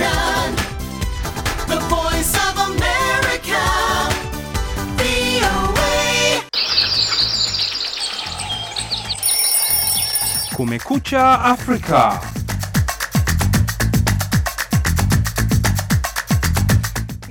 Washington, the voice of America, VOA. Kumekucha Afrika.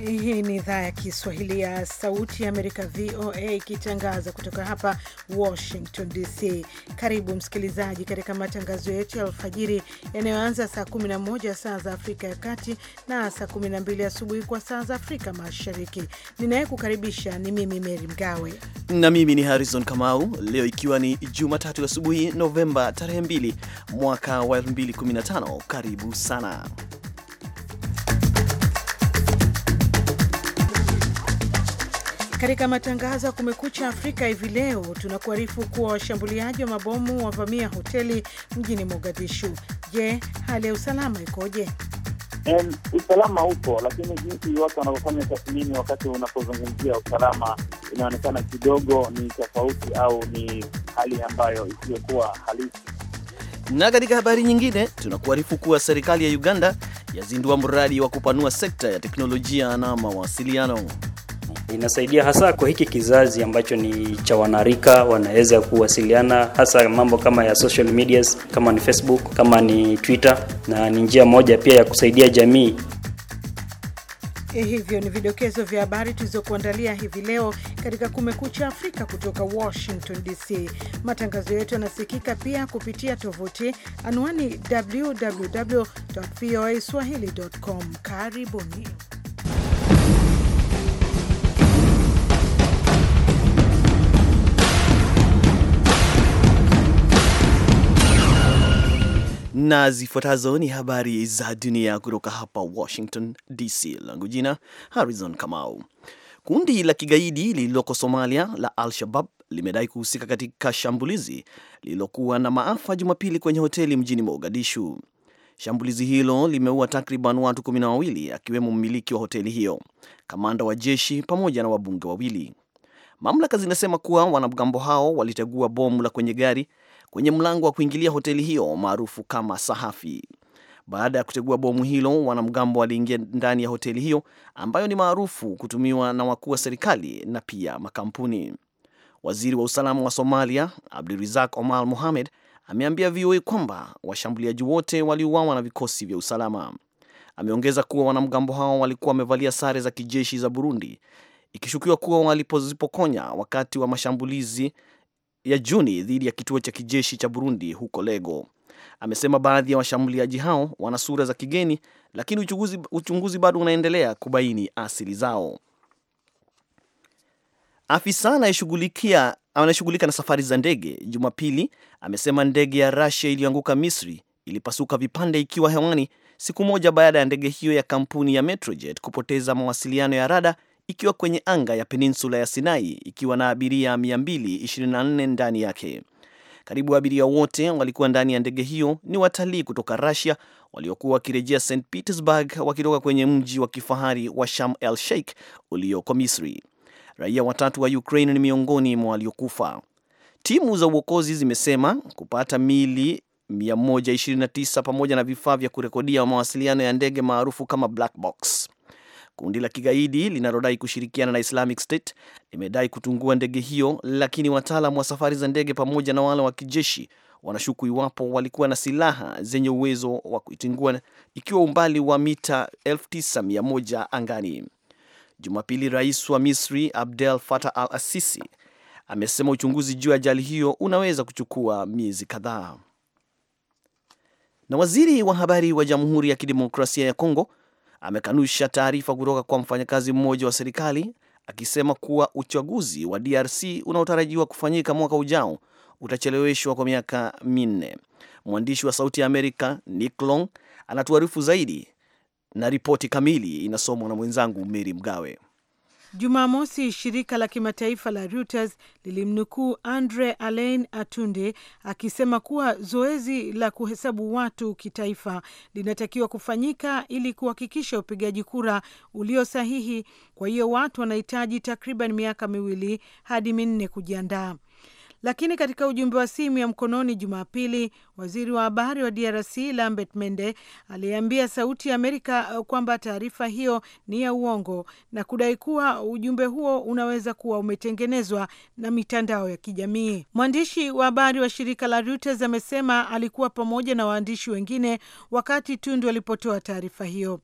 Hii ni idhaa ya Kiswahili ya Sauti ya Amerika, VOA, ikitangaza kutoka hapa Washington DC. Karibu msikilizaji katika matangazo yetu ya alfajiri yanayoanza saa 11 saa za Afrika ya Kati na saa 12 asubuhi kwa saa za Afrika Mashariki. Ninayekukaribisha ni mimi Meri Mgawe na mimi ni Harrison Kamau. Leo ikiwa ni Jumatatu asubuhi, Novemba tarehe 2 mwaka wa 2015. Karibu sana Katika matangazo ya Kumekucha Afrika hivi leo, tunakuarifu kuwa washambuliaji wa mabomu wavamia hoteli mjini Mogadishu. Je, hali ya usalama ikoje? usalama upo, lakini jinsi watu wanavyofanya tathmini wakati unapozungumzia usalama inaonekana kidogo ni tofauti au ni hali ambayo isiyokuwa halisi. Na katika habari nyingine, tunakuarifu kuwa serikali ya Uganda yazindua mradi wa kupanua sekta ya teknolojia na mawasiliano inasaidia hasa kwa hiki kizazi ambacho ni cha wanarika, wanaweza kuwasiliana hasa mambo kama ya social medias, kama ni Facebook, kama ni Twitter, na ni njia moja pia ya kusaidia jamii. Eh, hivyo ni vidokezo vya habari tulizokuandalia hivi leo katika Kumekucha Afrika kutoka Washington DC. Matangazo yetu yanasikika pia kupitia tovuti anwani www voa swahili com. Karibuni. na zifuatazo ni habari za dunia kutoka hapa Washington DC. Langu jina Harrison Kamau. Kundi la kigaidi lililoko Somalia la Al-Shabab limedai kuhusika katika shambulizi lililokuwa na maafa Jumapili kwenye hoteli mjini Mogadishu. Shambulizi hilo limeua takriban watu kumi na wawili akiwemo mmiliki wa hoteli hiyo, kamanda wa jeshi pamoja na wabunge wawili. Mamlaka zinasema kuwa wanamgambo hao walitegua bomu la kwenye gari kwenye mlango wa kuingilia hoteli hiyo maarufu kama Sahafi. Baada ya kutegua bomu hilo, wanamgambo waliingia ndani ya hoteli hiyo ambayo ni maarufu kutumiwa na wakuu wa serikali na pia makampuni. Waziri wa usalama wa Somalia Abdurizak Omar Mohamed ameambia VOA kwamba washambuliaji wote waliuawa na vikosi vya usalama. Ameongeza kuwa wanamgambo hao walikuwa wamevalia sare za kijeshi za Burundi, ikishukiwa kuwa walipozipokonya wakati wa mashambulizi ya Juni dhidi ya kituo cha kijeshi cha Burundi huko Lego. Amesema baadhi ya washambuliaji hao wana sura za kigeni, lakini uchunguzi, uchunguzi bado unaendelea kubaini asili zao. Afisa anayeshughulikia anayeshughulika na safari za ndege Jumapili amesema ndege ya Russia iliyoanguka Misri ilipasuka vipande ikiwa hewani siku moja baada ya ndege hiyo ya kampuni ya Metrojet kupoteza mawasiliano ya rada ikiwa kwenye anga ya peninsula ya Sinai ikiwa na abiria 224 ndani yake. Karibu abiria wote walikuwa ndani ya ndege hiyo ni watalii kutoka Russia waliokuwa wakirejea St Petersburg wakitoka kwenye mji wa kifahari wa Sharm el Sheikh ulioko Misri. Raia watatu wa Ukraine ni miongoni mwa waliokufa. Timu za uokozi zimesema kupata mili 129 pamoja na vifaa vya kurekodia mawasiliano ya ndege maarufu kama black box. Kundi la kigaidi linalodai kushirikiana na Islamic State limedai kutungua ndege hiyo, lakini wataalam wa safari za ndege pamoja na wale wa kijeshi wanashuku iwapo walikuwa na silaha zenye uwezo wa kuitingua ikiwa umbali wa mita 9100 angani. Jumapili, rais wa Misri Abdel Fattah al Assisi amesema uchunguzi juu ya ajali hiyo unaweza kuchukua miezi kadhaa. Na waziri wa habari wa Jamhuri ya Kidemokrasia ya Kongo amekanusha taarifa kutoka kwa mfanyakazi mmoja wa serikali akisema kuwa uchaguzi wa DRC unaotarajiwa kufanyika mwaka ujao utacheleweshwa kwa miaka minne. Mwandishi wa Sauti ya Amerika Nick Long anatuarifu zaidi na ripoti kamili inasomwa na mwenzangu Meri Mgawe. Jumamosi, shirika la kimataifa la Reuters lilimnukuu Andre Alain Atunde akisema kuwa zoezi la kuhesabu watu kitaifa linatakiwa kufanyika ili kuhakikisha upigaji kura ulio sahihi. Kwa hiyo watu wanahitaji takriban miaka miwili hadi minne kujiandaa. Lakini katika ujumbe wa simu ya mkononi Jumapili, Waziri wa habari wa DRC Lambert Mende aliambia Sauti ya Amerika uh, kwamba taarifa hiyo ni ya uongo na kudai kuwa ujumbe huo unaweza kuwa umetengenezwa na mitandao ya kijamii. Mwandishi wa habari wa shirika la Reuters amesema alikuwa pamoja na waandishi wengine wakati Tundu alipotoa taarifa hiyo.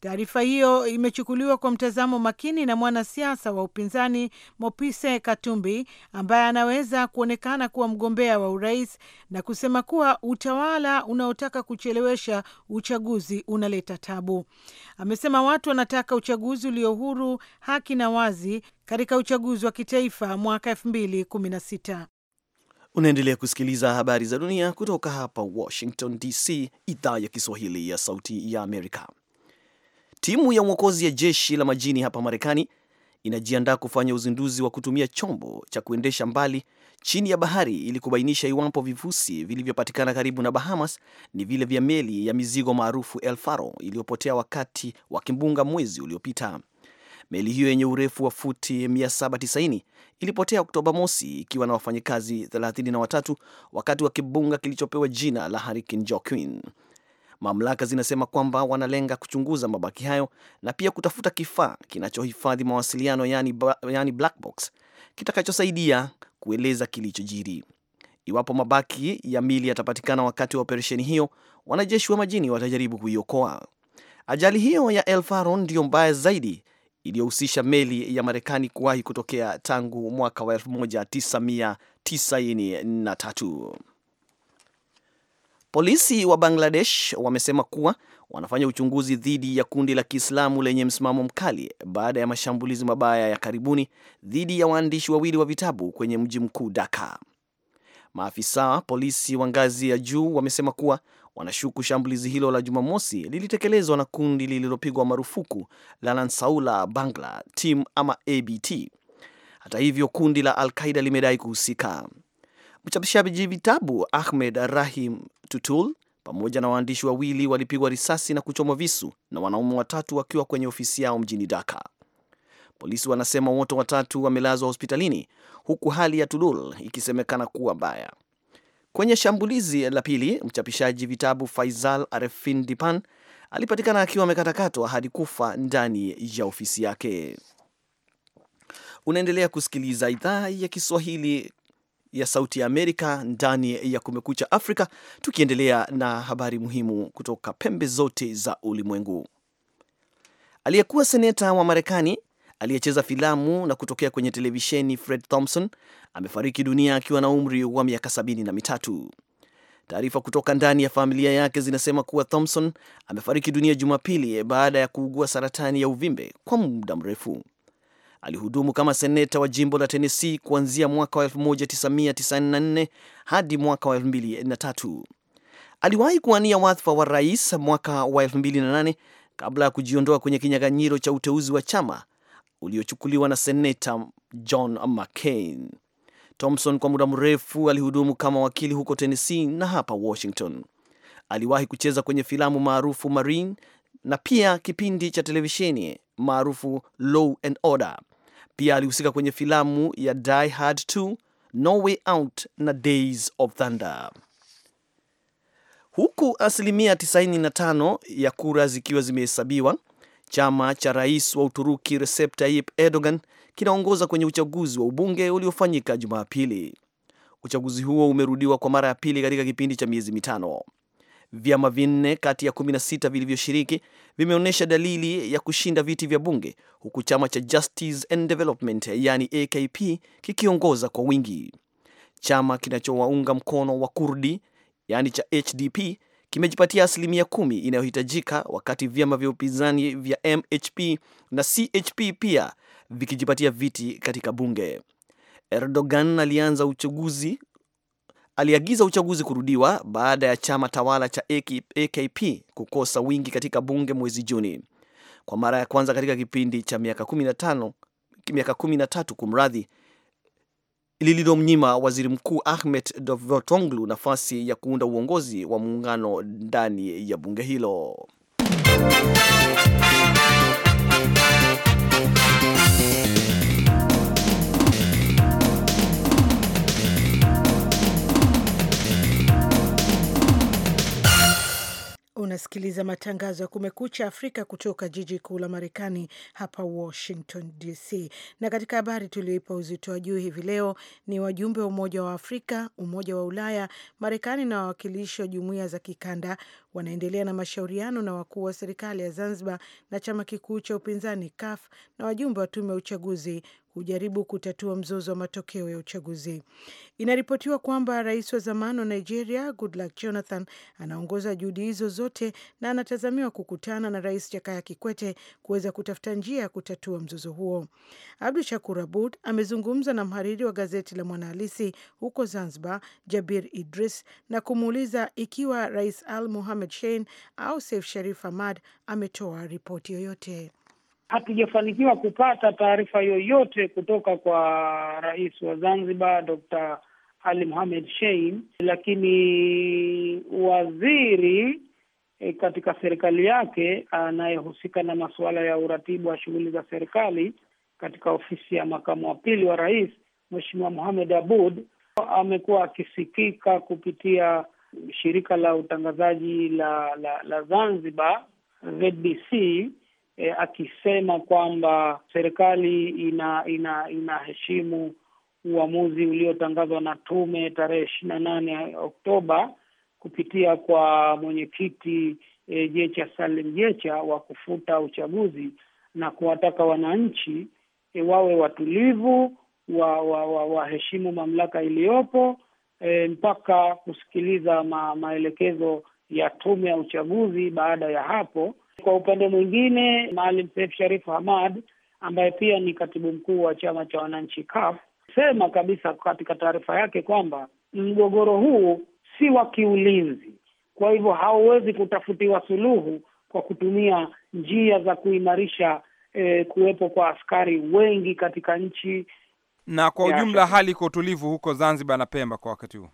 Taarifa hiyo imechukuliwa kwa mtazamo makini na mwanasiasa wa upinzani Mopise Katumbi ambaye anaweza kuonekana kuwa mgombea wa urais na kusema kuwa utawala unaotaka kuchelewesha uchaguzi unaleta tabu. Amesema watu wanataka uchaguzi ulio huru, haki na wazi katika uchaguzi wa kitaifa mwaka sita. Unaendelea kusikiliza habari za dunia kutoka hapa Washington DC, idhaa ya Kiswahili ya Sauti ya Amerika. Timu ya uokozi ya jeshi la majini hapa Marekani inajiandaa kufanya uzinduzi wa kutumia chombo cha kuendesha mbali chini ya bahari ili kubainisha iwapo vifusi vilivyopatikana karibu na Bahamas ni vile vya meli ya mizigo maarufu El Faro iliyopotea wakati wa kimbunga mwezi uliopita. Meli hiyo yenye urefu wa futi 790 ilipotea Oktoba mosi ikiwa na wafanyakazi 33 wakati wa kimbunga kilichopewa jina la Hurricane Joaquin. Mamlaka zinasema kwamba wanalenga kuchunguza mabaki hayo na pia kutafuta kifaa kinachohifadhi mawasiliano yani, yani black box kitakachosaidia kueleza kilichojiri. Iwapo mabaki ya mili yatapatikana wakati wa operesheni hiyo, wanajeshi wa majini watajaribu kuiokoa. Ajali hiyo ya El Faro ndiyo mbaya zaidi iliyohusisha meli ya Marekani kuwahi kutokea tangu mwaka wa 1993. Polisi wa Bangladesh wamesema kuwa wanafanya uchunguzi dhidi ya kundi la Kiislamu lenye msimamo mkali baada ya mashambulizi mabaya ya karibuni dhidi ya waandishi wawili wa vitabu kwenye mji mkuu Dhaka. Maafisa polisi wa ngazi ya juu wamesema kuwa wanashuku shambulizi hilo la Jumamosi lilitekelezwa na kundi lililopigwa marufuku la Lansaula Bangla Team ama ABT. Hata hivyo, kundi la Al Qaida limedai kuhusika. Mchapishaji vitabu Ahmed Rahim Tutul pamoja na waandishi wawili walipigwa risasi na kuchomwa visu na wanaume watatu wakiwa kwenye ofisi yao mjini Dhaka. Polisi wanasema wote watatu wamelazwa hospitalini huku hali ya Tulul ikisemekana kuwa mbaya. Kwenye shambulizi la pili, mchapishaji vitabu Faisal Arefin Dipan alipatikana akiwa amekatakatwa hadi kufa ndani ya ofisi yake. Unaendelea kusikiliza idhaa ya Kiswahili ya Sauti ya Amerika ndani ya Kumekucha Afrika, tukiendelea na habari muhimu kutoka pembe zote za ulimwengu. Aliyekuwa seneta wa Marekani aliyecheza filamu na kutokea kwenye televisheni Fred Thompson amefariki dunia akiwa na umri wa miaka sabini na mitatu. Taarifa kutoka ndani ya familia yake zinasema kuwa Thompson amefariki dunia Jumapili baada ya kuugua saratani ya uvimbe kwa muda mrefu. Alihudumu kama seneta wa jimbo la Tennessee kuanzia mwaka wa 1994 hadi mwaka wa 2003. Aliwahi kuwania wadhifa wa rais mwaka wa 2008 kabla ya kujiondoa kwenye kinyang'anyiro cha uteuzi wa chama uliochukuliwa na seneta John McCain. Thompson kwa muda mrefu alihudumu kama wakili huko Tennessee na hapa Washington. Aliwahi kucheza kwenye filamu maarufu Marine na pia kipindi cha televisheni maarufu Law and Order. Pia alihusika kwenye filamu ya Die Hard 2, No Way Out na Days of Thunder. Huku asilimia 95 ya kura zikiwa zimehesabiwa, chama cha rais wa Uturuki Recep Tayyip Erdogan kinaongoza kwenye uchaguzi wa ubunge uliofanyika Jumapili. Uchaguzi huo umerudiwa kwa mara ya pili katika kipindi cha miezi mitano. Vyama vinne kati ya 16 vilivyoshiriki vimeonyesha dalili ya kushinda viti vya bunge huku chama cha Justice and Development yani AKP kikiongoza kwa wingi. Chama kinachowaunga mkono wa Kurdi yani cha HDP kimejipatia asilimia kumi inayohitajika wakati vyama vya upinzani vya MHP na CHP pia vikijipatia viti katika bunge. Erdogan alianza uchaguzi aliagiza uchaguzi kurudiwa baada ya chama tawala cha AKP kukosa wingi katika bunge mwezi Juni kwa mara ya kwanza katika kipindi cha miaka 15 miaka 13 kumradhi, lililomnyima waziri mkuu Ahmed Davutoglu nafasi ya kuunda uongozi wa muungano ndani ya bunge hilo. Unasikiliza matangazo ya Kumekucha Afrika kutoka jiji kuu la Marekani, hapa Washington DC. Na katika habari tulioipa uzito wa juu hivi leo ni wajumbe wa Umoja wa Afrika, Umoja wa Ulaya, Marekani na wawakilishi wa jumuiya za kikanda wanaendelea na mashauriano na wakuu wa serikali ya Zanzibar na chama kikuu cha upinzani CUF na wajumbe wa tume ya uchaguzi hujaribu kutatua mzozo wa matokeo ya uchaguzi. Inaripotiwa kwamba rais wa zamani wa Nigeria Goodluck Jonathan anaongoza juhudi hizo zote na anatazamiwa kukutana na rais Jakaya Kikwete kuweza kutafuta njia ya kutatua mzozo huo. Abdu Shakur Abud amezungumza na mhariri wa gazeti la Mwanahalisi huko Zanzibar, Jabir Idris, na kumuuliza ikiwa rais Al muhamed Shein au Seif Sharif Hamad ametoa ripoti yoyote hatujafanikiwa kupata taarifa yoyote kutoka kwa rais wa Zanzibar Dr. Ali Mohamed Shein, lakini waziri e, katika serikali yake anayehusika na masuala ya uratibu wa shughuli za serikali katika ofisi ya makamu wa pili wa rais, Mheshimiwa Mohamed Abud amekuwa akisikika kupitia shirika la utangazaji la la, la Zanzibar ZBC e, akisema kwamba serikali ina ina inaheshimu uamuzi uliotangazwa na tume tarehe ishirini na nane Oktoba kupitia kwa mwenyekiti e, Jecha Salim Jecha wa kufuta uchaguzi na kuwataka wananchi e, wawe watulivu waheshimu wa, wa, wa mamlaka iliyopo e, mpaka kusikiliza ma, maelekezo ya tume ya uchaguzi. Baada ya hapo kwa upande mwingine, Maalim Seif Sharif Hamad ambaye pia ni katibu mkuu wa chama cha wananchi CUF sema kabisa katika taarifa yake kwamba mgogoro huu si wa kiulinzi, kwa hivyo hauwezi kutafutiwa suluhu kwa kutumia njia za kuimarisha eh, kuwepo kwa askari wengi katika nchi. Na kwa ujumla hali iko tulivu huko Zanzibar na Pemba kwa wakati huu.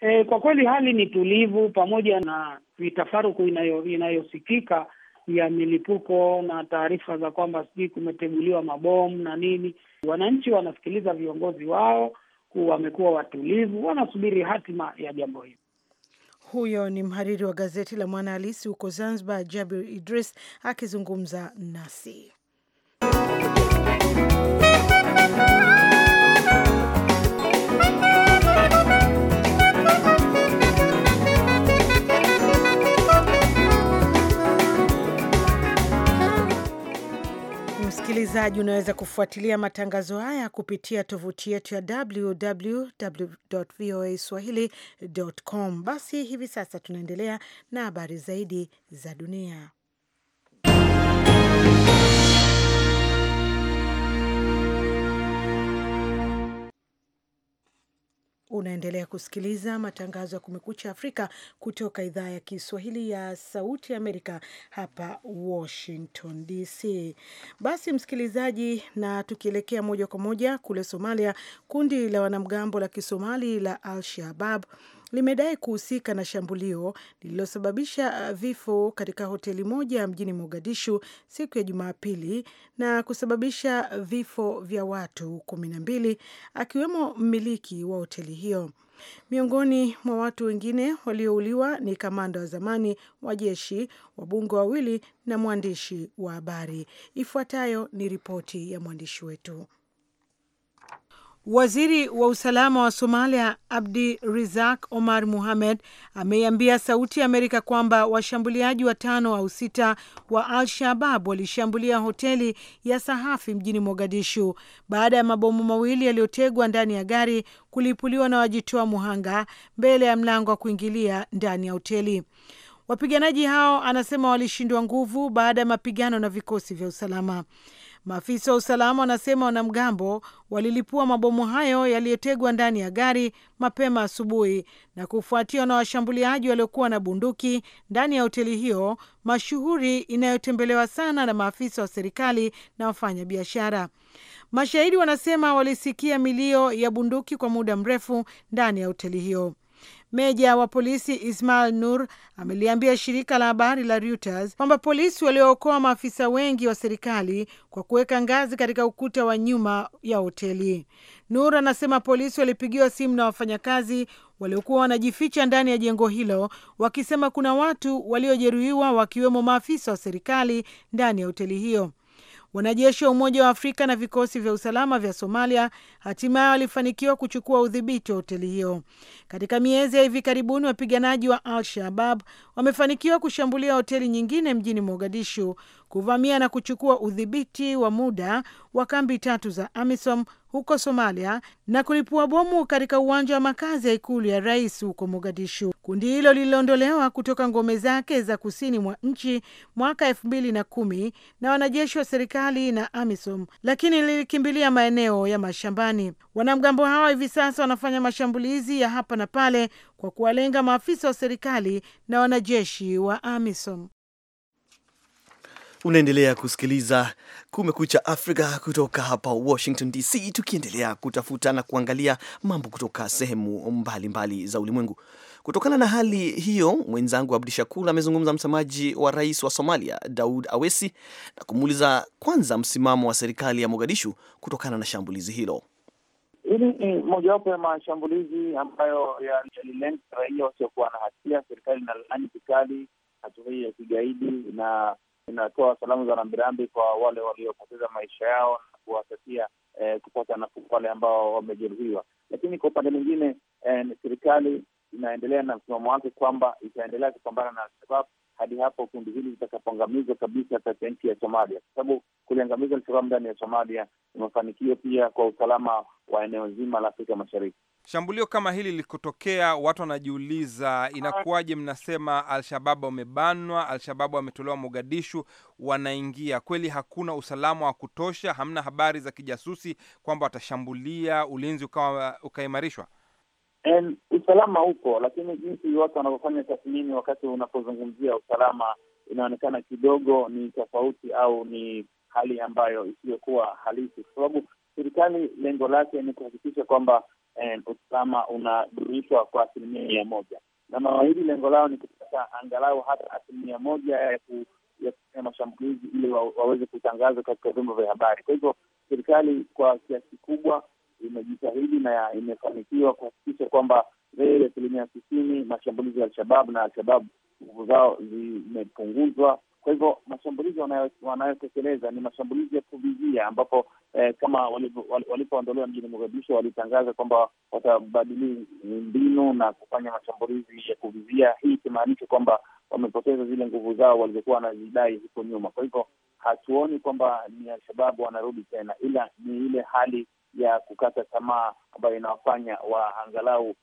E, kwa kweli hali ni tulivu pamoja na vitafaruku inayosikika ya milipuko na taarifa za kwamba sijui kumeteguliwa mabomu na nini. Wananchi wanasikiliza viongozi wao, wamekuwa watulivu, wanasubiri hatima ya jambo hili. Huyo ni mhariri wa gazeti la mwana alisi huko Zanzibar, Jabir Idris akizungumza nasi. Msikilizaji, unaweza kufuatilia matangazo haya kupitia tovuti yetu ya swahilicom Basi hivi sasa tunaendelea na habari zaidi za dunia. Unaendelea kusikiliza matangazo ya Kumekucha Afrika kutoka idhaa ya Kiswahili ya Sauti ya Amerika hapa Washington DC. Basi msikilizaji, na tukielekea moja kwa moja kule Somalia, kundi la wanamgambo la Kisomali la Al Shabab limedai kuhusika na shambulio lililosababisha uh, vifo katika hoteli moja mjini Mogadishu siku ya Jumapili na kusababisha vifo vya watu kumi na mbili akiwemo mmiliki wa hoteli hiyo. Miongoni mwa watu wengine waliouliwa ni kamanda wa zamani wa jeshi, wabunge wawili na mwandishi wa habari. Ifuatayo ni ripoti ya mwandishi wetu. Waziri wa usalama wa Somalia Abdi Rizak Omar Muhamed ameiambia Sauti ya Amerika kwamba washambuliaji watano au sita wa Al Shabab walishambulia hoteli ya Sahafi mjini Mogadishu baada ya mabomu mawili yaliyotegwa ndani ya gari kulipuliwa na wajitoa muhanga mbele ya mlango wa kuingilia ndani ya hoteli. Wapiganaji hao anasema walishindwa nguvu baada ya mapigano na vikosi vya usalama. Maafisa wa usalama wanasema wanamgambo walilipua mabomu hayo yaliyotegwa ndani ya gari mapema asubuhi na kufuatiwa na washambuliaji waliokuwa na bunduki ndani ya hoteli hiyo mashuhuri inayotembelewa sana na maafisa wa serikali na wafanyabiashara. Mashahidi wanasema walisikia milio ya bunduki kwa muda mrefu ndani ya hoteli hiyo. Meja wa polisi Ismail Nur ameliambia shirika la habari la Reuters kwamba polisi waliookoa maafisa wengi wa serikali kwa kuweka ngazi katika ukuta wa nyuma ya hoteli. Nur anasema polisi walipigiwa simu na wafanyakazi waliokuwa wanajificha ndani ya jengo hilo wakisema kuna watu waliojeruhiwa wakiwemo maafisa wa serikali ndani ya hoteli hiyo. Wanajeshi wa Umoja wa Afrika na vikosi vya usalama vya Somalia hatimaye walifanikiwa kuchukua udhibiti wa hoteli hiyo. Katika miezi ya hivi karibuni, wapiganaji wa Al Shabab wamefanikiwa kushambulia hoteli nyingine mjini Mogadishu kuvamia na kuchukua udhibiti wa muda wa kambi tatu za AMISOM huko Somalia na kulipua bomu katika uwanja wa makazi ya ikulu ya rais huko Mogadishu. Kundi hilo liliondolewa kutoka ngome zake za kusini mwa nchi mwaka elfu mbili na kumi na wanajeshi wa serikali na AMISOM, lakini lilikimbilia maeneo ya mashambani. Wanamgambo hawa hivi sasa wanafanya mashambulizi ya hapa na pale kwa kuwalenga maafisa wa serikali na wanajeshi wa AMISOM. Unaendelea kusikiliza Kumekucha Afrika kutoka hapa Washington DC, tukiendelea kutafuta na kuangalia mambo kutoka sehemu mbalimbali za ulimwengu. Kutokana na hali hiyo, mwenzangu Abdi Shakur amezungumza msemaji wa rais wa Somalia Daud Awesi na kumuuliza kwanza msimamo wa serikali ya Mogadishu kutokana na shambulizi hilo. Hili ni mojawapo ya mashambulizi ambayo yalilenga raia wasiokuwa na hatia. Serikali inalaani vikali hatua hii ya kigaidi na inatoa salamu za rambirambi kwa wale waliopoteza maisha yao na kuwatakia eh, kupata nafuu wale ambao wamejeruhiwa. Lakini kwa upande mwingine eh, serikali inaendelea na msimamo wake kwamba itaendelea kupambana na Alshabab hadi hapo kundi hili litakapoangamizwa kabisa katika nchi ya Somalia, kwa sababu kuliangamiza Alshabab ndani ya Somalia imefanikiwa pia kwa usalama wa eneo zima la Afrika Mashariki. Shambulio kama hili lilikotokea, watu wanajiuliza inakuwaje, mnasema Alshabab wamebanwa, Alshabab wametolewa Mogadishu, wanaingia kweli? Hakuna usalama wa kutosha? Hamna habari za kijasusi kwamba watashambulia, ulinzi ukawa ukaimarishwa? Usalama huko, lakini jinsi watu wanavyofanya tathmini wakati unapozungumzia usalama inaonekana kidogo ni tofauti au ni hali ambayo isiyokuwa halisi, kwa sababu serikali lengo lake ni kuhakikisha kwamba eh, usalama unadurishwa kwa asilimia mia moja, na mawahidi lengo lao ni kupata angalau hata asilimia moja ya kufanya mashambulizi ili wa, waweze kutangazwa katika vyombo vya habari. Kwa hivyo serikali kwa kiasi kikubwa imejitahidi na imefanikiwa kuhakikisha kwamba zaidi ya asilimia tisini mashambulizi ya Alshababu na Alshababu nguvu zao zimepunguzwa. Kwa hivyo mashambulizi wanayotekeleza ni mashambulizi ya kuvizia, ambapo eh, kama walipoondolewa mjini Mogadishu walitangaza kwamba watabadili mbinu na kufanya mashambulizi ya kuvizia, hii ikimaanisha kwamba wamepoteza zile nguvu zao walizokuwa wanazidai huko nyuma. Kwa hivyo hatuoni kwamba ni Alshababu wanarudi tena, ila ni ile hali ya kukata tamaa ambayo inawafanya waangalau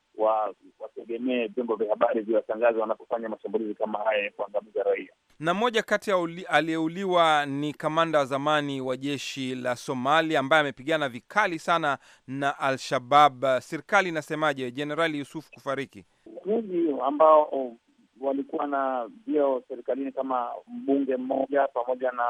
wategemee vyombo vya habari viwatangaza wanapofanya mashambulizi kama haya ya kuangamiza raia. Na mmoja kati ya aliyeuliwa ni kamanda wa zamani wa jeshi la Somalia ambaye amepigana vikali sana na Al-Shabab. Serikali inasemaje? Jenerali Yusuf kufariki wengi ambao walikuwa na vyeo serikalini kama mbunge mmoja pamoja na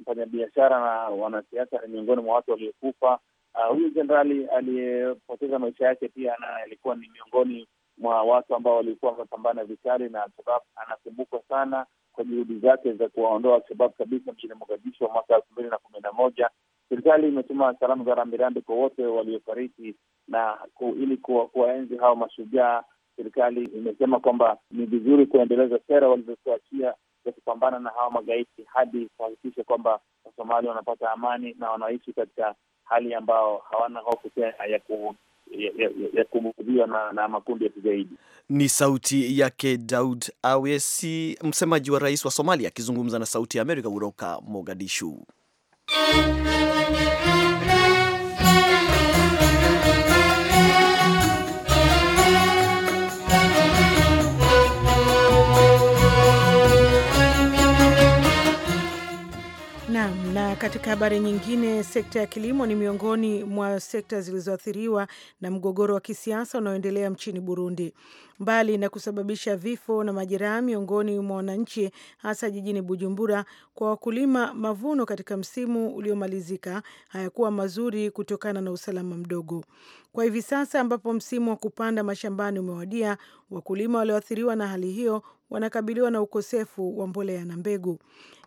mfanyabiashara na wanasiasa ni miongoni mwa watu waliokufa Ah, huyu jenerali aliyepoteza maisha yake pia na alikuwa ni miongoni mwa watu ambao walikuwa wamepambana vikali na Alshabab. Anakumbukwa sana kwa juhudi zake za kuwaondoa Alshabab kabisa mjini Mogadishu wa mwaka elfu mbili na kumi na moja. Serikali imetuma salamu za rambirambi kwa wote waliofariki na ili kuwaenzi hao mashujaa. Serikali imesema kwamba ni vizuri kuendeleza sera walizotuachia za kupambana na hawa magaidi hadi kuhakikisha kwamba Wasomali wanapata amani na wanaishi katika hali ambao hawana hofu tena ya ku ya, ya, ya na, na makundi ya kigaidi. Ni sauti yake Daud Awesi, msemaji wa rais wa Somalia, akizungumza na Sauti ya Amerika kutoka Mogadishu. Naam, na katika habari nyingine, sekta ya kilimo ni miongoni mwa sekta zilizoathiriwa na mgogoro wa kisiasa unaoendelea nchini Burundi mbali na kusababisha vifo na majeraha miongoni mwa wananchi, hasa jijini Bujumbura. Kwa wakulima, mavuno katika msimu uliomalizika hayakuwa mazuri kutokana na usalama mdogo. Kwa hivi sasa ambapo msimu wa kupanda mashambani umewadia, wakulima walioathiriwa na hali hiyo wanakabiliwa na ukosefu wa mbolea na mbegu.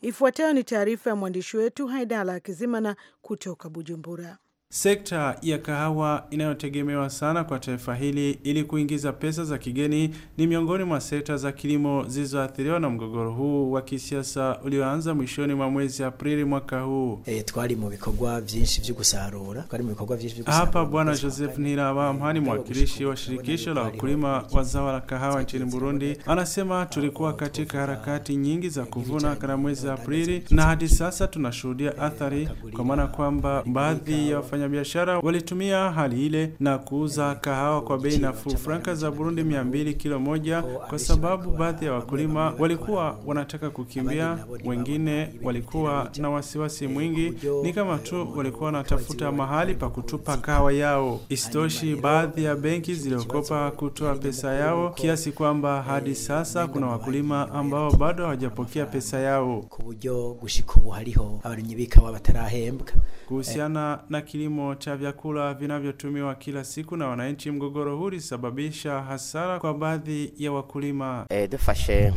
Ifuatayo ni taarifa ya mwandishi wetu Haidala Kizimana kutoka Bujumbura. Sekta ya kahawa inayotegemewa sana kwa taifa hili ili kuingiza pesa za kigeni ni miongoni mwa sekta za kilimo zilizoathiriwa na mgogoro huu wa kisiasa ulioanza mwishoni mwa mwezi Aprili mwaka huu. E, twali mu bikogwa vyinshi vyo gusarura, twali mu bikogwa vyinshi vyo gusarura. Hapa Bwana Joseph Ntiraba Mpani, mwakilishi wa shirikisho la wakulima wa zao la kahawa nchini Burundi, anasema tulikuwa katika harakati nyingi za kuvuna kana mwezi Aprili na hadi sasa tunashuhudia athari, kwa maana kwamba baadhi ya wafanyabiashara walitumia hali ile na kuuza kahawa kwa bei nafuu franka za Burundi mia mbili kilo moja, kwa sababu baadhi ya wakulima walikuwa wanataka kukimbia, wengine walikuwa na wasiwasi mwingi, ni kama tu walikuwa wanatafuta mahali pa kutupa kahawa yao. Isitoshi, baadhi ya benki ziliokopa kutoa pesa yao kiasi kwamba hadi sasa kuna wakulima ambao bado hawajapokea pesa yao. Kuhusiana na kilimo kilimo cha vyakula vinavyotumiwa kila siku na wananchi. Mgogoro huu ulisababisha hasara kwa baadhi ya wakulima. Eh, eh,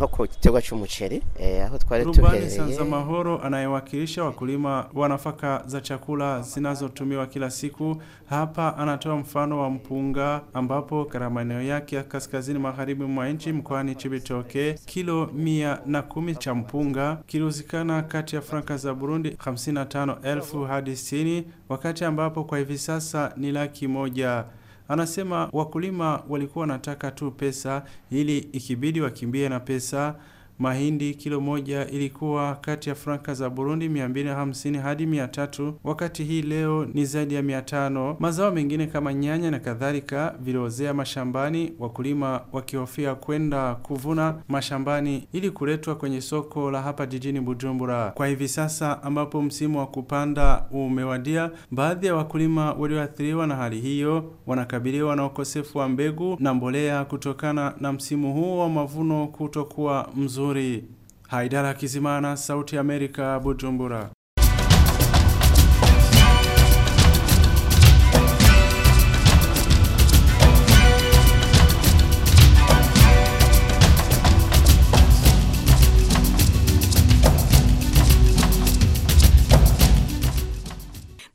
Rubani Sanza Mahoro anayewakilisha wakulima wa nafaka za chakula zinazotumiwa kila siku hapa anatoa mfano wa mpunga, ambapo katika maeneo yake ya kaskazini magharibi mwa nchi mkoani Chibitoke, kilo mia na kumi cha mpunga kilihuzikana kati ya franka za Burundi 55,000 hadi 60 wakati ambapo ambapo kwa hivi sasa ni laki moja. Anasema wakulima walikuwa wanataka tu pesa ili ikibidi wakimbie na pesa Mahindi kilo moja ilikuwa kati ya franka za Burundi 250 hadi 300, wakati hii leo ni zaidi ya 500. Mazao mengine kama nyanya na kadhalika viliozea mashambani, wakulima wakihofia kwenda kuvuna mashambani ili kuletwa kwenye soko la hapa jijini Bujumbura. Kwa hivi sasa ambapo msimu wa kupanda umewadia, baadhi ya wakulima walioathiriwa na hali hiyo wanakabiliwa na ukosefu wa mbegu na mbolea kutokana na msimu huu wa mavuno kutokuwa mzuri nzuri. Haidara Kizimana, Sauti Amerika, Bujumbura.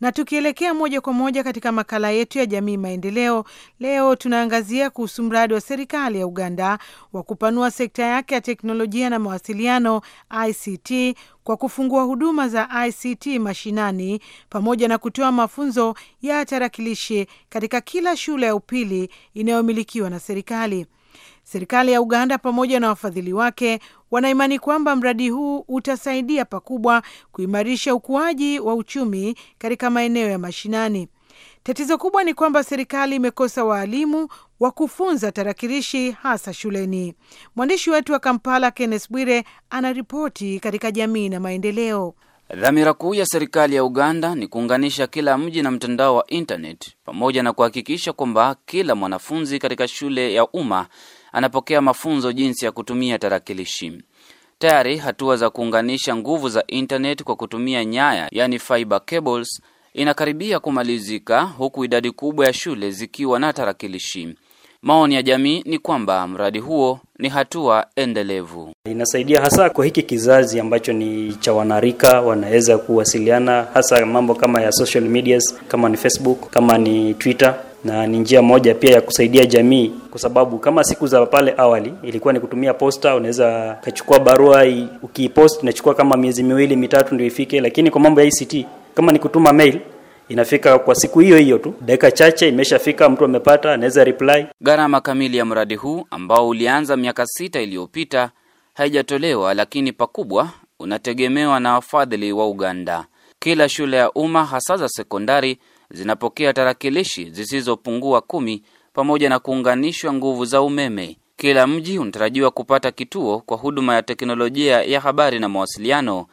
Na tukielekea moja kwa moja katika makala yetu ya jamii maendeleo, leo tunaangazia kuhusu mradi wa serikali ya Uganda wa kupanua sekta yake ya teknolojia na mawasiliano ICT kwa kufungua huduma za ICT mashinani pamoja na kutoa mafunzo ya tarakilishi katika kila shule ya upili inayomilikiwa na serikali. Serikali ya Uganda pamoja na wafadhili wake wanaimani kwamba mradi huu utasaidia pakubwa kuimarisha ukuaji wa uchumi katika maeneo ya mashinani. Tatizo kubwa ni kwamba serikali imekosa waalimu wa kufunza tarakilishi hasa shuleni. Mwandishi wetu wa Kampala, Kenneth Bwire, anaripoti katika Jamii na Maendeleo. Dhamira kuu ya serikali ya Uganda ni kuunganisha kila mji na mtandao wa internet pamoja na kuhakikisha kwamba kila mwanafunzi katika shule ya umma anapokea mafunzo jinsi ya kutumia tarakilishi. Tayari hatua za kuunganisha nguvu za internet kwa kutumia nyaya, yani fiber cables, inakaribia kumalizika huku idadi kubwa ya shule zikiwa na tarakilishi. Maoni ya jamii ni kwamba mradi huo ni hatua endelevu, inasaidia hasa kwa hiki kizazi ambacho ni cha wanarika, wanaweza kuwasiliana hasa mambo kama ya social medias, kama ni Facebook, kama ni Twitter na ni njia moja pia ya kusaidia jamii, kwa sababu kama siku za pale awali ilikuwa ni kutumia posta, unaweza kachukua barua, ukiipost inachukua kama miezi miwili mitatu ndio ifike, lakini kwa mambo ya ICT kama ni kutuma mail inafika kwa siku hiyo hiyo tu, dakika chache imeshafika, mtu amepata, anaweza reply. Gharama kamili ya mradi huu ambao ulianza miaka sita iliyopita haijatolewa, lakini pakubwa unategemewa na wafadhili wa Uganda. Kila shule ya umma hasa za sekondari zinapokea tarakilishi zisizopungua kumi pamoja na kuunganishwa nguvu za umeme. Kila mji unatarajiwa kupata kituo kwa huduma ya teknolojia ya habari na mawasiliano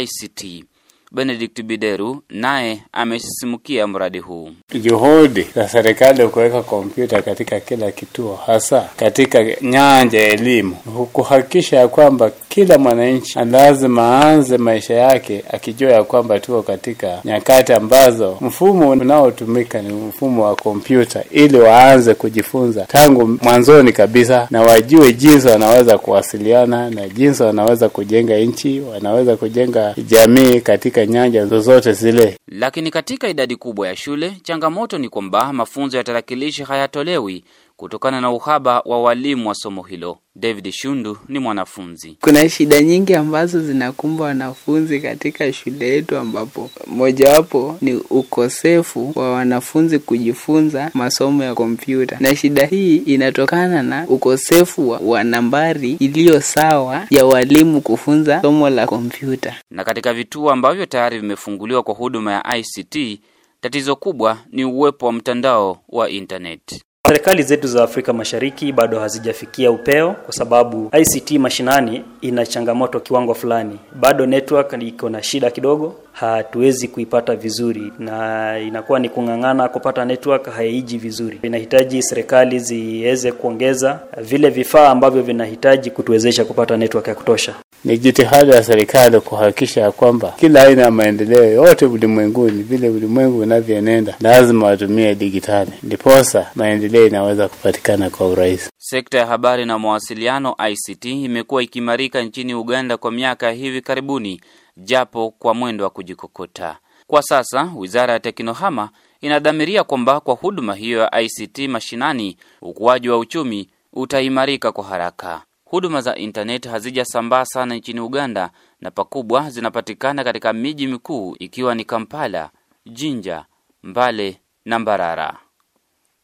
ICT. Benedict Bideru naye amesisimukia mradi huu. Juhudi za serikali kuweka kompyuta katika kila kituo, hasa katika nyanja ya elimu, kuhakikisha ya kwamba kila mwananchi lazima aanze maisha yake akijua ya kwamba tuko katika nyakati ambazo mfumo unaotumika ni mfumo wa kompyuta, ili waanze kujifunza tangu mwanzoni kabisa, na wajue jinsi wanaweza kuwasiliana na jinsi wanaweza kujenga nchi, wanaweza kujenga jamii katika katika nyanja zozote zile. Lakini katika idadi kubwa ya shule, changamoto ni kwamba mafunzo ya tarakilishi hayatolewi kutokana na uhaba wa walimu wa somo hilo. David Shundu ni mwanafunzi. Kuna shida nyingi ambazo zinakumba wanafunzi katika shule yetu, ambapo mojawapo ni ukosefu wa wanafunzi kujifunza masomo ya kompyuta, na shida hii inatokana na ukosefu wa, wa nambari iliyo sawa ya walimu kufunza somo la kompyuta. Na katika vituo ambavyo tayari vimefunguliwa kwa huduma ya ICT, tatizo kubwa ni uwepo wa mtandao wa intaneti serikali zetu za Afrika Mashariki bado hazijafikia upeo, kwa sababu ICT mashinani ina changamoto kiwango fulani, bado network iko na shida kidogo, hatuwezi kuipata vizuri, na inakuwa ni kung'ang'ana kupata network, haiji vizuri. Inahitaji serikali ziweze kuongeza vile vifaa ambavyo vinahitaji kutuwezesha kupata network ya kutosha. Ni jitihada ya serikali kuhakikisha ya kwamba kila aina ya maendeleo yote ulimwenguni, vile ulimwengu unavyoenenda, lazima watumie digitali, ndiposa maendeleo inaweza kupatikana kwa urahisi. Sekta ya habari na mawasiliano ICT imekuwa ikimarika kufanyika nchini Uganda kwa miaka hivi karibuni, japo kwa mwendo wa kujikokota. Kwa sasa wizara ya teknohama inadhamiria kwamba kwa huduma hiyo ya ICT mashinani, ukuaji wa uchumi utaimarika kwa haraka. Huduma za intaneti hazijasambaa sana nchini Uganda na pakubwa zinapatikana katika miji mikuu ikiwa ni Kampala, Jinja, Mbale na Mbarara.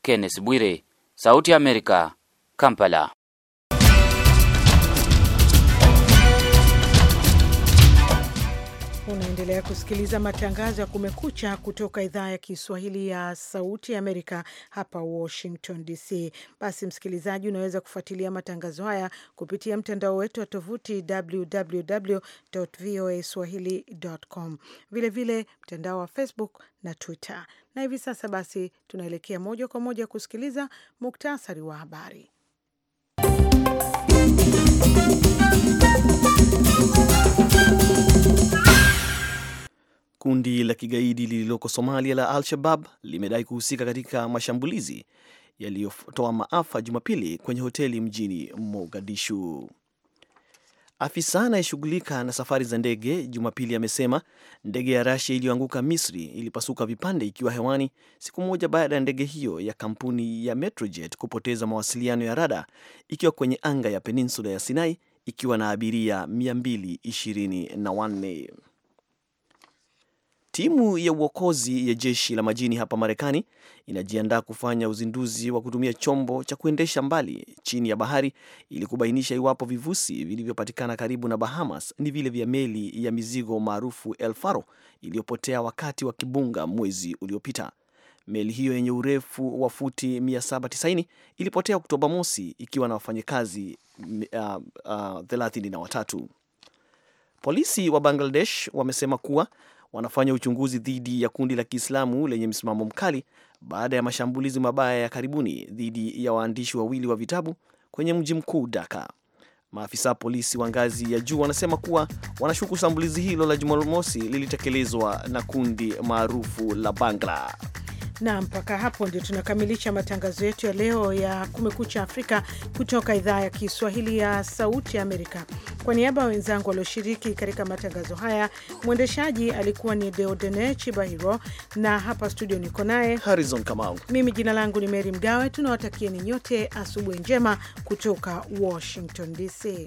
Kenneth Bwire, Sauti ya Amerika, Kampala. Unaendelea kusikiliza matangazo ya Kumekucha kutoka idhaa ya Kiswahili ya Sauti ya Amerika hapa Washington DC. Basi msikilizaji, unaweza kufuatilia matangazo haya kupitia mtandao wetu wa tovuti www voa swahili.com, vilevile mtandao wa Facebook na Twitter. Na hivi sasa basi tunaelekea moja kwa moja kusikiliza muktasari wa habari. Kundi la kigaidi lililoko Somalia la Al-Shabab limedai kuhusika katika mashambulizi yaliyotoa maafa Jumapili kwenye hoteli mjini Mogadishu. Afisa anayeshughulika na safari za ndege Jumapili amesema ndege ya Rasia iliyoanguka Misri ilipasuka vipande ikiwa hewani siku moja baada ya ndege hiyo ya kampuni ya Metrojet kupoteza mawasiliano ya rada ikiwa kwenye anga ya peninsula ya Sinai ikiwa na abiria 224. Timu ya uokozi ya jeshi la majini hapa Marekani inajiandaa kufanya uzinduzi wa kutumia chombo cha kuendesha mbali chini ya bahari ili kubainisha iwapo vivusi vilivyopatikana karibu na Bahamas ni vile vya meli ya mizigo maarufu El Faro iliyopotea wakati wa kibunga mwezi uliopita. Meli hiyo yenye urefu wa futi 790 ilipotea Oktoba mosi ikiwa na wafanyakazi uh, uh, 33. watatu. Polisi wa Bangladesh wamesema kuwa wanafanya uchunguzi dhidi ya kundi la Kiislamu lenye msimamo mkali baada ya mashambulizi mabaya ya karibuni dhidi ya waandishi wawili wa vitabu kwenye mji mkuu Dhaka. Maafisa polisi wa ngazi ya juu wanasema kuwa wanashuku shambulizi hilo la Jumamosi lilitekelezwa na kundi maarufu la Bangla na mpaka hapo ndio tunakamilisha matangazo yetu ya leo ya Kumekucha Afrika kutoka idhaa ya Kiswahili ya Sauti ya Amerika. Kwa niaba ya wenzangu walioshiriki katika matangazo haya, mwendeshaji alikuwa ni Deodene Chibahiro na hapa studio niko naye Harizon Kamau. Mimi jina langu ni Meri Mgawe. Tunawatakieni nyote asubuhi njema kutoka Washington DC.